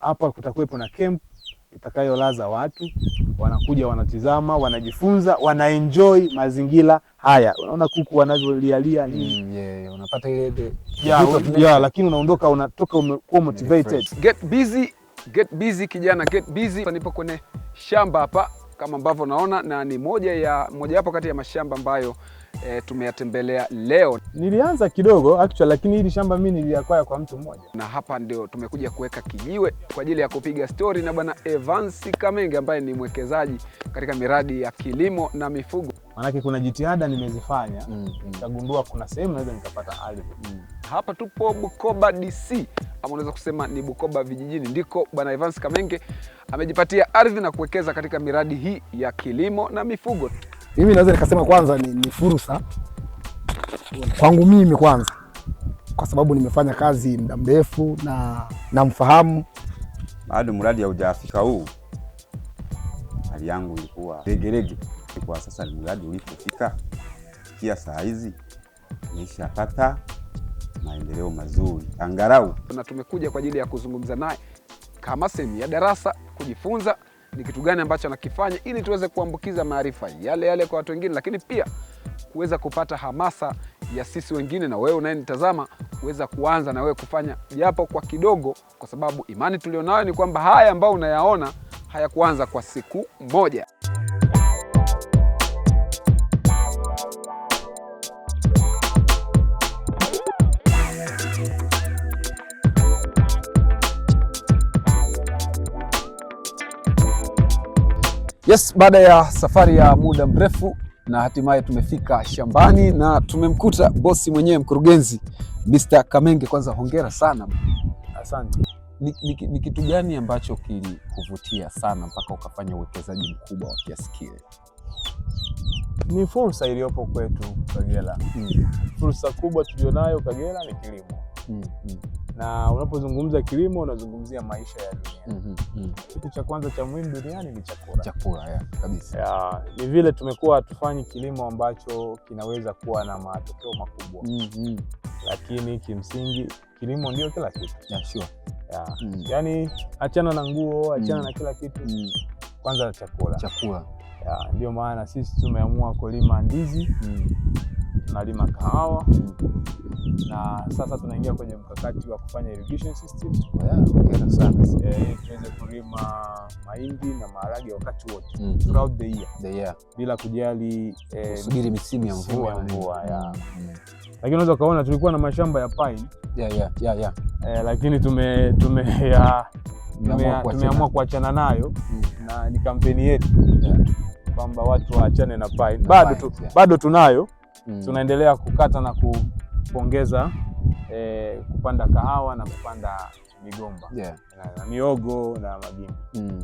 Hapa kutakuwepo na camp itakayolaza watu, wanakuja wanatizama, wanajifunza, wanaenjoy mazingira haya. Unaona kuku wanavyolialia nini? Mm, yeah, unapata ile yeah, lakini unaondoka unatoka umekuwa motivated. Get busy, get busy kijana, get busy. Nipo kwenye shamba hapa kama ambavyo unaona, na ni moja ya mojawapo kati ya mashamba ambayo e, tumeyatembelea leo. Nilianza kidogo actual, lakini hili shamba mimi niliakwaya kwa mtu mmoja, na hapa ndio tumekuja kuweka kijiwe kwa ajili ya kupiga stori na bwana evansi Kamenge ambaye ni mwekezaji katika miradi ya kilimo na mifugo. Maanake kuna jitihada nimezifanya mm, mm. kuna sehemu naweza nikapata ardhi mm. Hapa tupo Bukoba DC ama unaweza kusema ni Bukoba vijijini, ndiko bwana Evans Kamenge amejipatia ardhi na kuwekeza katika miradi hii ya kilimo na mifugo mimi naweza nikasema kwanza ni, ni fursa kwangu mimi kwanza, kwa sababu nimefanya kazi muda mrefu na namfahamu. Bado mradi haujafika huu, hali yangu ilikuwa regerege. Kwa sasa mradi ulipofika kia saa hizi nishapata maendeleo mazuri angalau, na tumekuja kwa ajili ya kuzungumza naye kama sehemu ya darasa kujifunza ni kitu gani ambacho anakifanya ili tuweze kuambukiza maarifa yale yale kwa watu wengine, lakini pia kuweza kupata hamasa ya sisi wengine na wewe unayenitazama kuweza kuanza na wewe kufanya japo kwa kidogo, kwa sababu imani tulionayo ni kwamba haya ambayo unayaona hayakuanza kwa siku moja. Yes, baada ya safari ya muda mrefu na hatimaye tumefika shambani na tumemkuta bosi mwenyewe mkurugenzi Mr. Kamenge. Kwanza hongera sana. Asante. Ni, ni, ni kitu gani ambacho kilikuvutia sana mpaka ukafanya uwekezaji mkubwa wa kiasi kile? Ni fursa iliyopo kwetu Kagera. Mm. Fursa kubwa tulionayo Kagera ni kilimo. Mm. Mm na unapozungumza kilimo unazungumzia maisha ya dunia. Mm-hmm, mm -hmm. Kitu cha kwanza cha muhimu duniani ni chakula. Chakula ya, kabisa ya, ni vile tumekuwa hatufanyi kilimo ambacho kinaweza kuwa na matokeo makubwa. mm -hmm. Lakini kimsingi kilimo ndio kila kitu. yeah, sure. ya. mm -hmm. achana na nguo, achana mm -hmm. na kila kitu mm -hmm. Kwanza chakula, chakula ndio maana sisi tumeamua kulima ndizi, mm -hmm. kahawa mm -hmm na sasa tunaingia kwenye mkakati wa kufanya irrigation system hongera sana eh, tuweze kulima mahindi na maharage wakati wote mm. throughout the year, the year. bila kujali eh, kusubiri misimu ya mvua mvua, mm. lakini unaweza kuona tulikuwa na mashamba ya pine yeah, yeah, yeah, yeah. Eh, lakini tume tume ya tumeamua kuachana nayo mm. na ni kampeni yetu kwamba watu waachane na pine. Bado, tu, bado tunayo mm. tunaendelea kukata na ku kuongeza eh, kupanda kahawa na kupanda migomba yeah. na, na miogo na magimbi mm.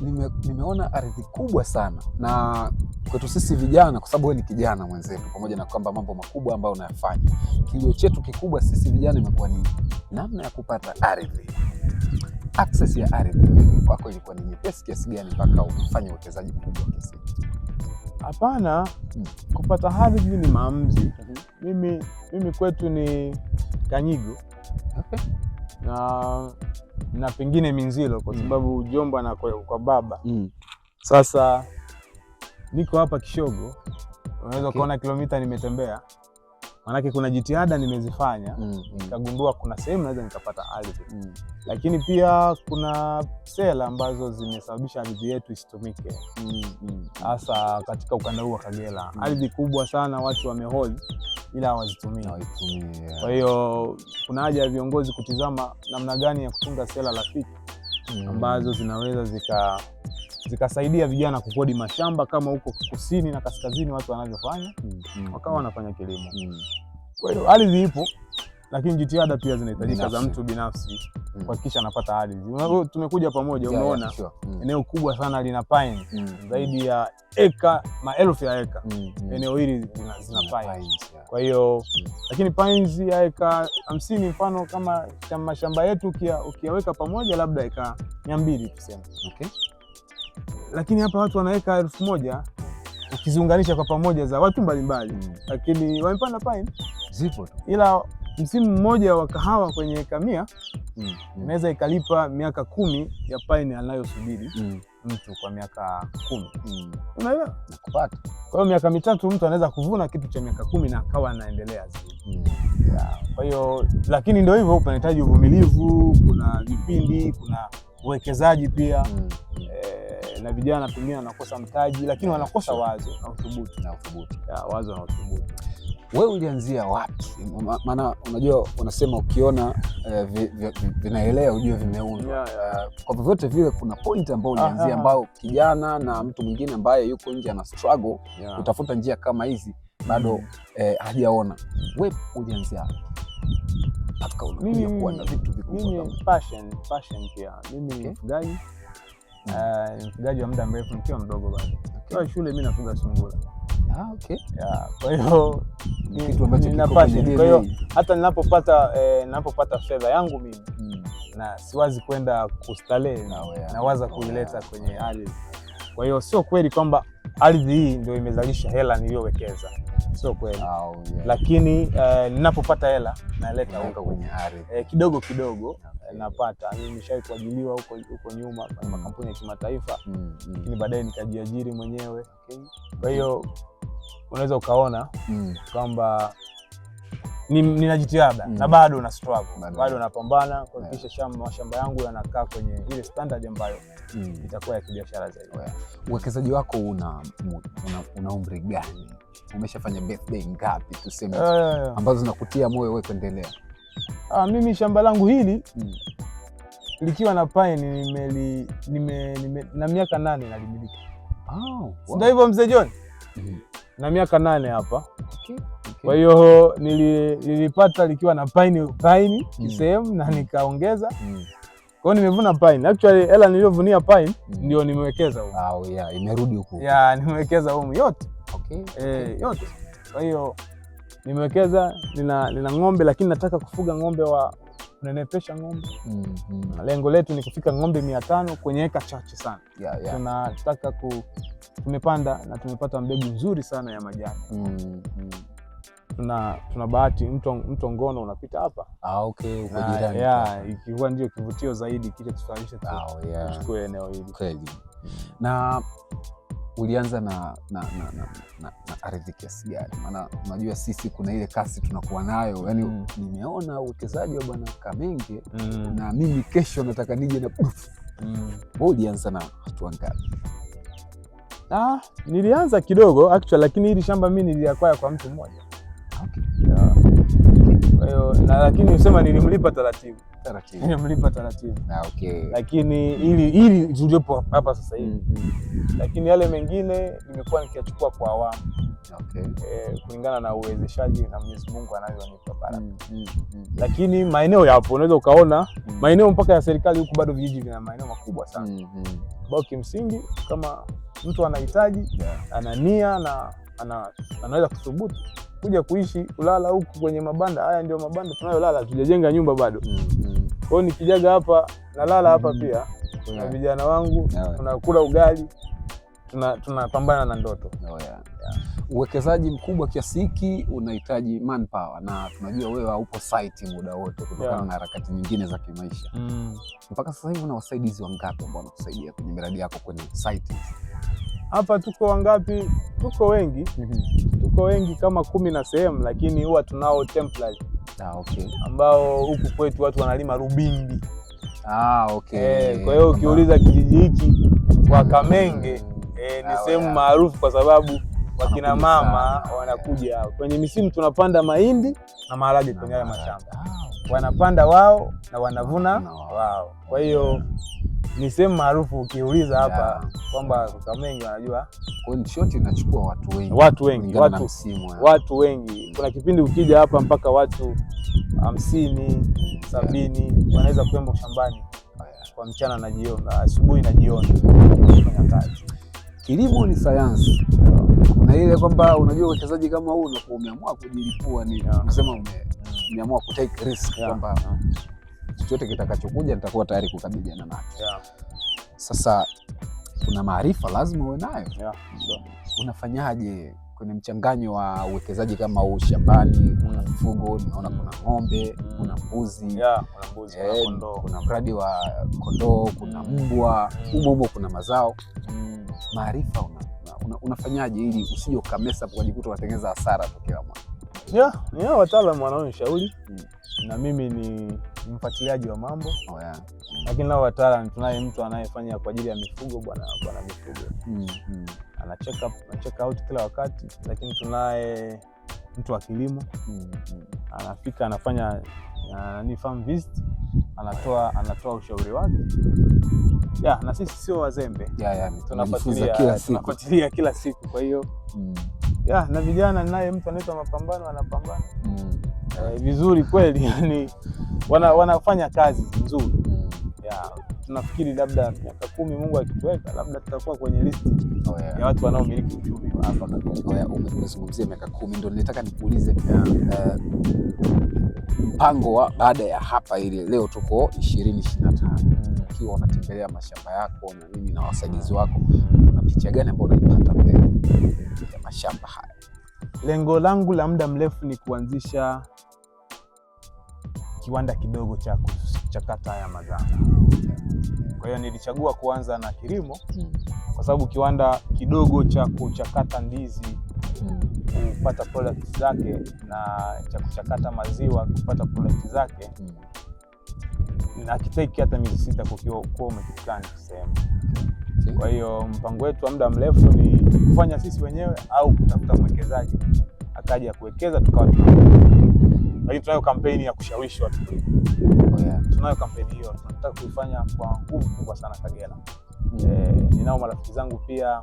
Nime, nimeona ardhi kubwa sana na kwetu sisi vijana, kwa sababu wewe ni kijana mwenzetu, pamoja na kwamba mambo makubwa ambayo unayafanya, kilio chetu kikubwa sisi vijana imekuwa ni namna ya kupata ardhi. Access ya ardhi kwako ilikuwa ni nyepesi kiasi gani mpaka ufanye uwekezaji mkubwa kiasi Hapana, kupata hadhi juu ni maamuzi. Mhm. Mimi, mimi kwetu ni Kanyigo. na, na pengine Minzilo kwa mm. sababu ujomba jomba na kwa, kwa baba mm. Sasa niko hapa Kishogo, unaweza okay. ukaona kilomita nimetembea maanake kuna jitihada nimezifanya mm, mm. Nikagundua kuna sehemu naweza nikapata ardhi mm. Lakini pia kuna sera ambazo zimesababisha ardhi yetu isitumike hasa mm, mm. mm. Katika ukanda huu wa Kagera mm. Ardhi kubwa sana watu wamehold ila hawazitumii. Kwa hiyo kuna haja ya viongozi kutizama namna gani ya kutunga sera rafiki mm. ambazo zinaweza zika zikasaidia vijana kukodi mashamba kama huko kusini na kaskazini watu wanavyofanya, mm. mm wakawa mm. wanafanya kilimo mm. kwa hiyo ardhi ipo, lakini jitihada pia zinahitajika za mtu binafsi mm. kuhakikisha anapata ardhi. Tumekuja pamoja, umeona yeah, yeah, sure. mm. eneo kubwa sana lina pine mm. zaidi ya eka maelfu ya eka mm. eneo hili zina, zina pine kwa hiyo mm. lakini pines ya eka hamsini mfano kama mashamba yetu ukiyaweka pamoja labda eka mia mbili tuseme okay lakini hapa watu wanaweka elfu moja ukiziunganisha kwa pamoja za watu mbalimbali mbali. Mm. Lakini wamepanda pine zipo tu, ila msimu mmoja wa kahawa kwenye kamia mm. mm. inaweza ikalipa miaka kumi ya pine anayosubiri mm. mtu kwa miaka kumi mm. unaelewa? Nakupata. Kwa hiyo miaka mitatu mtu anaweza kuvuna kitu cha miaka kumi na akawa anaendelea zaidi. Mm. Kwa hiyo lakini ndio hivyo, panahitaji uvumilivu, kuna vipindi, kuna uwekezaji pia mm na vijana pengine wanakosa mtaji, lakini wanakosa wazo na uthubutu na uthubutu, wazo na uthubutu. Wewe ulianzia wapi? Maana unajua unasema ukiona uh, vinaelea ujue vimeundwa. yeah, yeah. Uh, kwa vyovyote vile kuna point ambayo ulianzia ambayo kijana na mtu mwingine ambaye yuko nje ana struggle yeah. kutafuta njia kama hizi bado mm. eh, hajaona. Wewe ulianzia mimi, kuwa na vitu vikubwa mimi, passion, passion pia mimi okay. mfugaji ni mm. eh, mfugaji wa muda mrefu nikiwa mdogo bado. Kwa shule mi nafuga sungura. Ah, okay. Kwa hiyo kitu ambacho Kwa hiyo hata ninapopata eh, ninapopata fedha yangu mimi mm. na siwazi kwenda kustarehe nawaza kuileta kwenye ardhi. Kwa hiyo sio kweli kwamba ardhi hii ndio imezalisha hela niliyowekeza sio kweli. Oh, yeah. Lakini uh, ninapopata hela naleta huko kwenye ardhi eh, kidogo kidogo eh, okay. Napata yaani, nimeshawahi kuajiliwa huko huko nyuma mm. makampuni ya kimataifa mm, mm. lakini baadaye nikajiajiri mwenyewe okay. Kwa hiyo unaweza ukaona mm. kwamba ninajitiada mm. na bado na struggle bado napambana kuhakikisha yeah. mashamba yangu yanakaa kwenye ile standard ambayo mm. itakuwa ya kibiashara zaidi. Uwekezaji wako una, una, una umri gani? Umeshafanya birthday ngapi tuseme, yeah. ambazo zinakutia moyo wewe kuendelea? Ah, mimi shamba langu hili mm. likiwa na pine nimeli, nime, nime, na miaka nane nalimiliki. Oh, wow. Ndio hivyo mzee John mm. na miaka nane hapa okay. Kwa hiyo nilipata likiwa na paini paini mm. kisehemu na mm. nikaongeza mm. Kwa hiyo nimevuna pine. Actually hela niliyovunia pine mm. ndio nimewekeza huko. Ah, oh, yeah, imerudi huko. Yeah, nimewekeza huko yote. Okay. Eh, yote. Kwa hiyo nimewekeza nina, nina ng'ombe lakini nataka kufuga ng'ombe wa kunenepesha ng'ombe mm -hmm. Lengo letu ni kufika ng'ombe mia tano kwenye eka chache sana yeah, yeah. Tunataka ku, tumepanda na tumepata mbegu nzuri sana ya majani mm -hmm tuna, tuna bahati mto, mto Ngono unapita hapa ah, okay, ikiwa ndio kivutio zaidi kile tutaisha ah, tuchukue yeah. eneo hili kweli. Na ulianza na, na, na, na, na, na ardhi kiasi gani? Maana unajua sisi kuna ile kasi tunakuwa nayo yani mm. nimeona uwekezaji wa bwana Kamenge mm. na mimi kesho nataka nije na mm. ulianza na hatua ngapi? Ah, nilianza kidogo actually, lakini hili shamba mimi niliakwaya kwa mtu mmoja kwa hiyo lakini nisema nilimlipa taratibu taratibu, nilimlipa taratibu ah, okay. Lakini hili hili tuliopo hapa sasa hivi mm -hmm. Lakini yale mengine nimekuwa nikiachukua kwa awamu okay. E, kulingana na uwezeshaji na Mwenyezi Mungu anavyonipa baraka mm -hmm. Lakini maeneo yapo, unaweza ukaona mm -hmm. Maeneo mpaka ya serikali huku bado vijiji vina maeneo makubwa sana mm -hmm. Bao kimsingi kama mtu anahitaji yeah. ana nia na ana, anaweza kuthubutu kuja kuishi kulala huku kwenye mabanda haya. Ndio mabanda tunayolala, tujajenga nyumba bado. mm, mm. Kwao nikijaga hapa nalala hapa mm pia na vijana wangu yeah. tunakula ugali tunapambana tuna na ndoto oh, yeah. Yeah. Uwekezaji mkubwa kiasi hiki unahitaji manpower na tunajua wewe haupo site muda wote kutokana yeah. na harakati nyingine za kimaisha mm. Mpaka sasa hivi una wasaidizi wangapi ambao wanakusaidia kwenye miradi yako kwenye site? hapa tuko wangapi? Tuko wengi mm -hmm. Tuko wengi kama kumi na sehemu, lakini huwa tunao templar ah, okay. ambao huku kwetu watu wanalima rubindi ah, okay. E, kwa hiyo ukiuliza kijiji hiki kwa Kamenge e, ni ah, sehemu maarufu kwa sababu wakina mama wanakuja kwenye misimu, tunapanda mahindi na maharage kwenye haya mashamba ah, wanapanda wao na wanavuna wao. Kwa hiyo ni sehemu maarufu ukiuliza hapa kwamba Kakamega wanajua shoti inachukua watu wengi, watu wengi, watu, watu wengi. Kuna kipindi ukija hapa mpaka watu hamsini sabini wanaweza kwenda shambani oh, kwa mchana na jioni, asubuhi na jioni kufanya kazi. Kilimo ni sayansi. na ile kwamba unajua wachezaji kama huu umeamua kujilipua, ni unasema ume nimeamua ku take risk kwamba chochote kitakachokuja nitakuwa tayari kukabiliana nacho. Yeah. Sasa kuna maarifa lazima uwe nayo. Yeah. unafanyaje kwenye mchanganyo wa uwekezaji kama huu shambani? Kuna mm. mfugo, naona kuna mm. ng'ombe, mm. kuna mbuzi. Yeah, kuna eh, kuna mradi wa kondoo, kuna mbwa, humo humo kuna mazao. Maarifa una, una, unafanyaje ili usije ukamesa ukajikuta unatengeneza hasara tu kila mwaka? Yeah, ni hao wataalamu wanaonishauri mm. na mimi ni mfuatiliaji wa mambo oh, yeah. mm. lakini nao wataalam tunaye mtu anayefanya kwa ajili ya mifugo, bwana bwana mifugo mm, mm. ana check up ana check out kila wakati, lakini tunaye mtu wa kilimo mm. mm. anafika anafanya ni farm visit anatoa anatoa ushauri wake yeah, na sisi sio wazembe yeah, yeah, tunafuatilia kila siku, kwa hiyo mm ya na vijana naye mtu anaitwa Mapambano anapambana mm. eh, vizuri kweli yani wana, wanafanya kazi nzuri mm. ya tunafikiri labda miaka kumi Mungu akituweka labda tutakuwa kwenye listi oh, yeah. ya watu wanaomiliki uchumi wa hapa katika. Oh, umezungumzia miaka kumi, ndo nilitaka nikuulize eh, mpango wa baada ya hapa, ili leo tuko ishirini ishirini na tano mm. ukiwa unatembelea mashamba yako na nini na wasaidizi mm. wako, una picha gani ambayo unaipata mbele? ya mashamba haya. Lengo langu la muda mrefu ni kuanzisha kiwanda kidogo cha kuchakata haya mazao. Kwa hiyo nilichagua kuanza na kilimo hmm. kwa sababu kiwanda kidogo cha kuchakata ndizi hmm. kupata products zake na cha kuchakata maziwa kupata products zake hmm. na kiteki hata miezi sita kukiwa umekifikana sehemu kwa hiyo mpango wetu wa muda mrefu ni kufanya sisi wenyewe au kutafuta mwekezaji akaja ya kuwekeza tukawa lakini tunayo kampeni ya kushawishi watu oh, yeah. Tunayo kampeni hiyo tunataka kuifanya kwa nguvu kubwa sana Kagera. mm -hmm. E, ninao marafiki zangu pia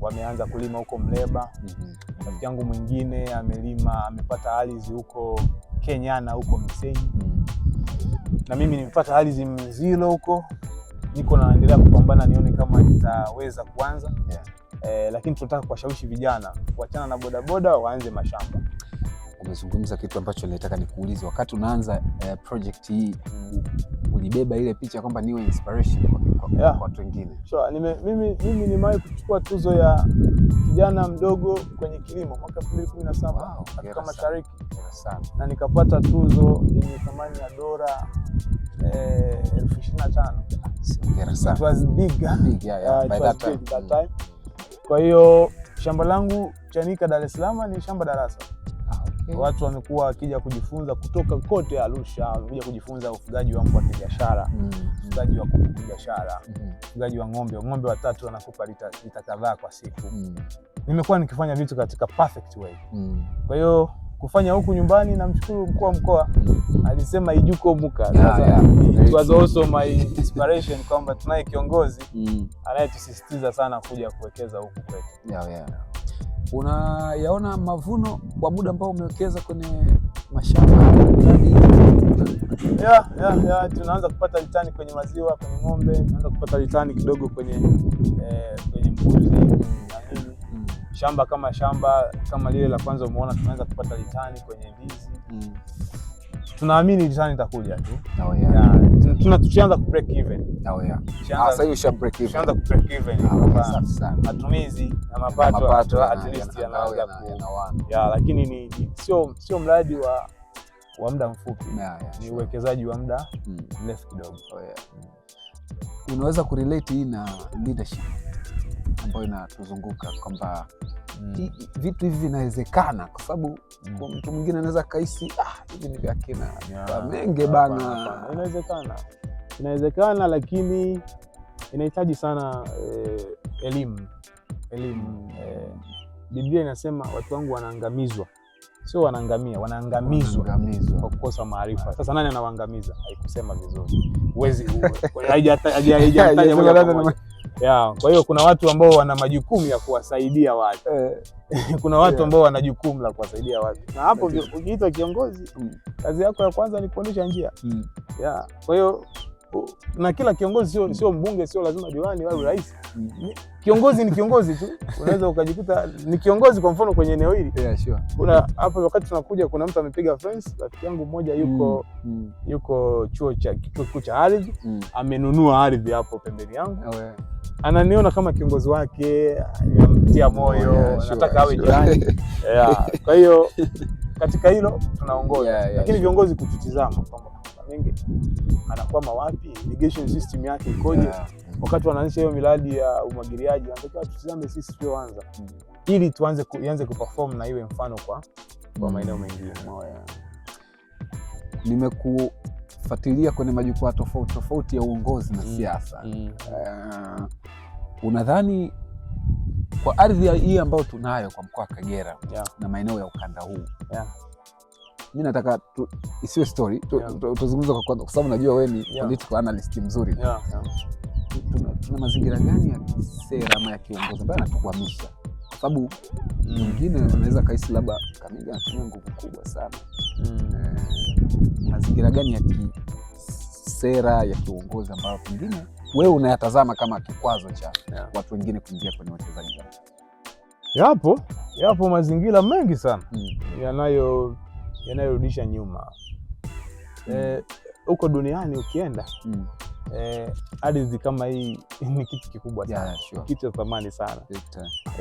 wameanza kulima huko Mleba. mm -hmm. Rafiki yangu mwingine amelima amepata ardhi huko Kenyana huko Misenyi. mm -hmm. Na mimi nimepata ardhi Mzilo huko niko naendelea kupambana nione kama nitaweza kuanza yeah. Eh, lakini tunataka kuwashawishi vijana kuachana na bodaboda waanze mashamba umezungumza kitu ambacho nilitaka nikuulize. Wakati unaanza uh, project hii ulibeba ile picha kwamba niwe inspiration kwa watu yeah, wengine sure. Nime, mimi, mimi nimewahi kuchukua tuzo ya kijana mdogo kwenye kilimo mwaka 2017 wow, Afrika Mashariki na nikapata tuzo yenye thamani ya dola eh, elfu ishirini na tano. It was big, big, yeah, yeah. Uh, by that time. That mm. time. Mm. Kwa hiyo shamba langu Chanika Dar es Salaam ni shamba darasa mm. Watu wamekuwa wakija kujifunza kutoka kote Arusha, wamekuja kujifunza ufugaji wa mbwa kibiashara, mm-hmm. ufugaji mm. wa kuku kibiashara, mm-hmm. ufugaji mm. wa ng'ombe. Ng'ombe watatu wanakupa lita, lita kadhaa kwa siku mm. Nimekuwa nikifanya vitu katika perfect way mm. kwa hiyo kufanya huku nyumbani, namshukuru mkuu wa mkoa alisema ijuko muka yeah, yeah. It was also my inspiration kwamba tunaye kiongozi mm. anayetusisitiza sana kuja kuwekeza huku kwetu. yeah, yeah unayaona mavuno kwa muda ambao umewekeza kwenye mashamba ya, ya, ya, Tunaanza kupata litani kwenye maziwa, kwenye ng'ombe, tunaanza kupata litani kidogo kwenye eh, kwenye mbuzi mm. Shamba kama shamba kama lile la kwanza umeona, tunaanza kupata litani kwenye ndizi mm. Tunaamini litani itakuja tu oh, yeah. yeah tuna tunashaanza ku break even. Oh yeah. Ah, sasa hiyo sha break even. Tushaanza ku break even. Ah, Matumizi na mapato at ah, least yanaanza ku. Ya, lakini ni sio sio mradi wa wa muda mfupi. Ni uwekezaji wa muda hmm. mrefu kidogo. Oh yeah. Unaweza ku relate hii na leadership ambayo inatuzunguka kwamba mm. vitu hivi vinawezekana kwa sababu mm. kwa mtu mwingine anaweza kahisi ah, hivi ni vya kina yeah. Menge bana, inawezekana inawezekana, lakini inahitaji sana eh, elimu elimu mm. eh, Biblia inasema watu wangu wanaangamizwa, sio wanaangamia, wanaangamizwa kwa kukosa maarifa. Sasa nani anawaangamiza? Haikusema vizuri, huwezi haijataja ya. Kwa hiyo kuna watu ambao wana majukumu ya kuwasaidia watu eh. kuna watu eh. ambao wana jukumu la kuwasaidia watu, na hapo ukiitwa kiongozi mm. kazi yako ya kwanza ni kuonyesha njia mm. ya. Kwa hiyo na kila kiongozi sio, mm. sio mbunge, sio lazima diwani au rais mm. Kiongozi ni kiongozi tu, unaweza ukajikuta ni kiongozi. Kwa mfano kwenye eneo hili yeah, sure. kuna hapo, wakati tunakuja, kuna mtu amepiga fence. Rafiki yangu mmoja mm, yuko mm. yuko chuo cha chuo kikuu cha ardhi mm. amenunua ardhi hapo pembeni yangu oh, yeah ananiona kama kiongozi wake, anamtia moyo oh, yeah, nataka awe sure. jirani yeah. Kwa hiyo katika hilo tunaongoza yeah, yeah, lakini viongozi kututizama kwamba mengi anakwama wapi, irrigation system yake ikoje? yeah. Wakati wanaanzisha hiyo miradi ya umwagiliaji anatakiwa tutizame sisi tulioanza mm. ili tuanze ianze kuperform na iwe mfano kwa kwa hmm. maeneo mengine. Nimekufuatilia kwenye majukwaa tofauti tofauti ya uongozi na hmm. siasa mm. mm. Unadhani kwa ardhi hii ambayo tunayo kwa mkoa wa Kagera yeah. na maeneo ya ukanda huu yeah. mi nataka tu, isiwe story tuzungumza yeah. kwa sababu najua wewe ni yeah. political analyst mzuri yeah. Yeah. Tuna, tuna mazingira gani ya kisera ama ya kiongozi ambayo anatukwamisha kwa sababu mwingine mm. anaweza kaisi labda Kaminga anatumia nguvu kubwa sana mm. Eh, mazingira gani ya kisera ya kiongozi ambayo pengine wewe unayatazama kama kikwazo cha yeah. watu wengine kuingia kwenye uwekezaji? Yapo, yapo mazingira mengi sana mm. yanayo yanayorudisha nyuma mm. Eh, huko mm. e, duniani ukienda mm. e, ardhi kama hii ni kitu kikubwa sana yeah, sure. kitu cha thamani sana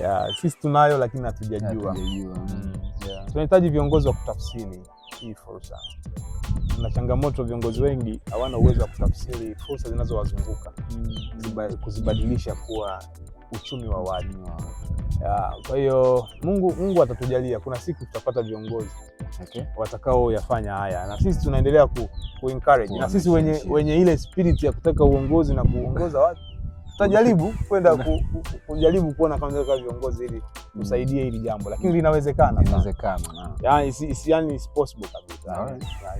yeah, sisi tunayo lakini hatujajua yeah, mm. yeah. tunahitaji viongozi wa kutafsiri hii fursa. Na changamoto, viongozi wengi hawana uwezo wa kutafsiri fursa zinazowazunguka kuzibadilisha kuwa uchumi wa wadi. Mm. Kwa hiyo Mungu, Mungu atatujalia, kuna siku tutapata viongozi okay. watakao yafanya haya, na sisi tunaendelea ku, ku encourage na sisi wenye, wenye ile spirit ya kutaka uongozi na kuongoza watu tutajaribu kwenda kujaribu kuona kama kwa viongozi ili tusaidie hili jambo, lakini linawezekana, inawezekana yani si, yani is possible kabisa,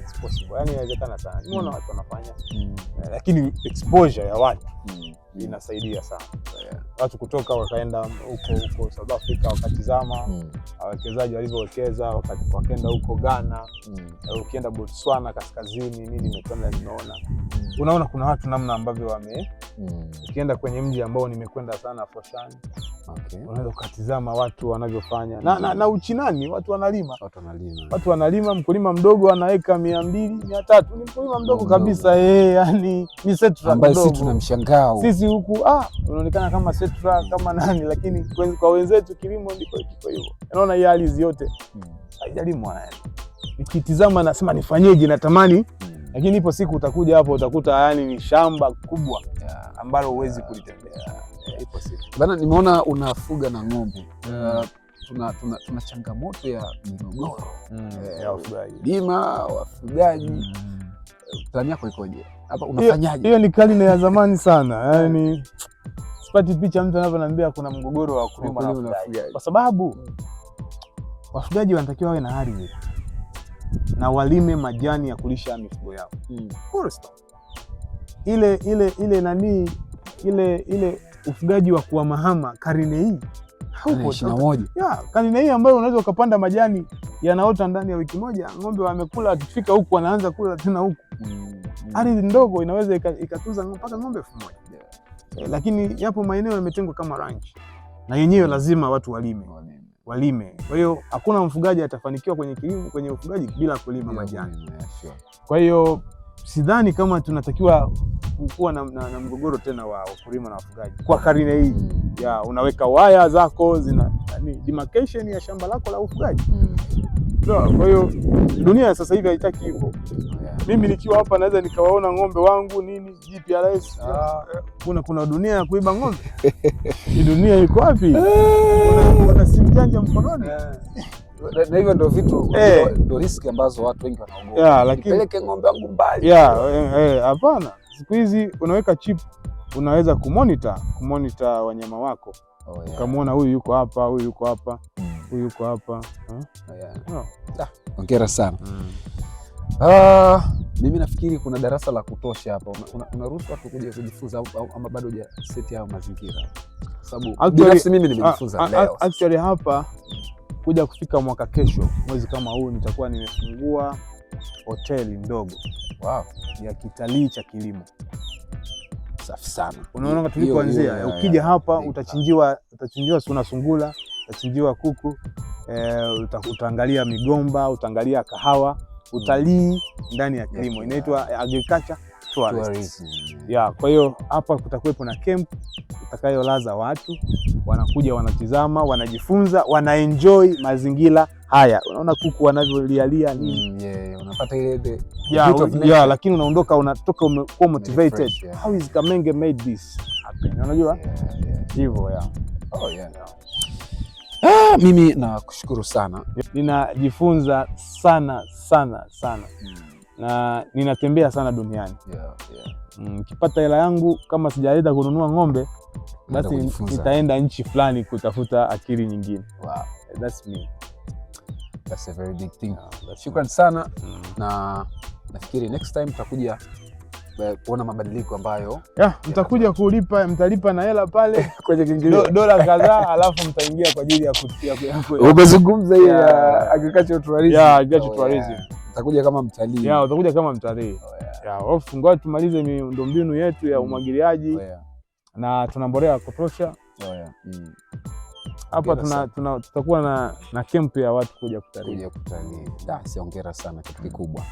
is possible yani inawezekana sana. Nimeona mm. watu wanafanya, mm. eh, lakini exposure ya watu mm. Mm. inasaidia sana yeah. Watu kutoka wakaenda huko huko South Africa wakatizama mm. wawekezaji walivyowekeza wakaenda huko Ghana mm. Eh, ukienda Botswana kaskazini nini nimekwenda nimeona mm. unaona kuna watu namna ambavyo wame mm. ukienda kwenye mji ambao nimekwenda sana Foshan okay. unaweza ukatizama watu wanavyofanya na, na, na mm. Uchinani watu wanalima watu wanalima, watu wanalima mkulima mdogo anaweka mia mbili mia tatu ni mkulima mdogo kabisa eh, yani, ni setu ambayo sisi tunamshangaa ndizi huku, ah, unaonekana kama setra kama nani, lakini kwa wenzetu kilimo ndiko kiko hivyo. Unaona hii ardhi yote hmm. haijalimwa yani. Nikitizama nasema nifanyeje, natamani hmm. lakini ipo siku utakuja hapo utakuta yani ni shamba kubwa ambalo huwezi kulitembea. Eh, ipo siku bana, nimeona unafuga na ng'ombe yeah. Hmm. Uh, tuna, tuna, tuna changamoto ya migogoro mm, ya wafugaji bima wafugaji mm. Plani yako ikoje? hapa unafanyaje? Hiyo ni karne ya zamani sana yani, sipati picha mtu anavyoniambia kuna mgogoro wa wakulima na wafugaji, kwa sababu wafugaji wanatakiwa wawe na ardhi na walime majani ya kulisha mifugo yao mm. ile ile ile nani ile ile ufugaji wa kuhamahama karine hii haupo ya hii ambayo unaweza ukapanda majani yanaota ndani ya wiki moja, ng'ombe wamekula, akifika huku wanaanza kula tena huku mm. Mm. ardhi ndogo inaweza ikatuza mpaka ng'ombe elfu moja yeah. E, lakini yapo maeneo yametengwa kama ranch na yenyewe mm. lazima watu walime walime, Kwa hiyo hakuna mfugaji atafanikiwa kwenye kilimo, kwenye ufugaji bila kulima majani. Kwa hiyo sidhani kama tunatakiwa kuwa na, na, na mgogoro tena wa wakulima na wafugaji kwa karine hii mm. ya unaweka waya zako zina ni demarcation ya shamba lako la ufugaji Kwa hiyo dunia sasa hivi haitaki hivyo mimi nikiwa hapa naweza nikawaona ng'ombe wangu nini GPRS. Ah, kuna kuna dunia ya kuiba ng'ombe hii dunia iko wapi? Kuna eh. simu janja mkononi eh. na hivyo ndio vitu eh. ndio riski ambazo watu wengi wanaogopa, lakini peleke ng'ombe wangu mbali. Hapana, siku hizi unaweka chip, unaweza kumonitor kumonitor wanyama wako oh, yeah. Ukamwona huyu yuko hapa, huyu yuko hapa, mm. huyu yuko hapa. Oh, ah, hongera sana. Uh, mimi nafikiri kuna darasa la kutosha hapa, unaruhusu una watu kuja kujifunza, ama bado seti hayo mazingira? Sababu binafsi mimi nimejifunza leo actually hapa kuja kufika mwaka kesho mwezi kama huu nitakuwa nimefungua hoteli ndogo wow, ya kitalii cha kilimo. Safi sana, unaona tulikoanzia. Ukija hapa utachinjiwa, utachinjiwa suna sungula, utachinjiwa kuku eh, utaangalia migomba, utaangalia kahawa utalii mm. ndani ya kilimo, inaitwa agriculture tourism. Yeah, kwa hiyo hapa kutakuwepo na camp utakayolaza watu, wanakuja wanatizama, wanajifunza, wanaenjoy mazingira haya. Unaona kuku wanavyolialia mm, nini? Yeah, unapata ile yeah, lakini unaondoka unatoka umekuwa motivated. How is Kamenge made this happen? Unajua hivyo yeah. Oh, Ah, mimi nakushukuru sana, ninajifunza sana sana sana mm. na ninatembea sana duniani nikipata yeah, yeah. mm, hela yangu kama sijaleta kununua ng'ombe basi nitaenda nchi fulani kutafuta akili nyingine. Wow. That's me. That's a very big thing. Shukran sana mm. na nafikiri next time tutakuja Eh, kuona mabadiliko ambayo yeah, mtakuja kulipa, mtalipa na hela pale kwenye kiingilio dola kadhaa, alafu mtaingia kwa ajili ya kutia. umezungumza hii ya agriculture oh, tourism, yeah, agriculture tourism utakuja kama mtalii oh, yeah, utakuja kama mtalii hofu ngoja yeah. Tumalize miundombinu yetu ya mm. umwagiliaji oh, yeah. Na tuna mbolea ya kutosha oh, yeah. mm hapa tutakuwa tuna, tuna, na, na kempu ya watu kuja kutalii. Siongera sana, kitu mm. kikubwa.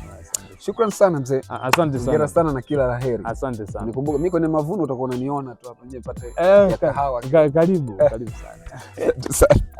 Shukrani sana mzee, asante sana. Ongera sana na kila la heri. Asante sana. Nikumbuka mimi kwenye mavuno utakuwa unaniona tu hapa nje pate eh, kahawa. Karibu, karibu sana.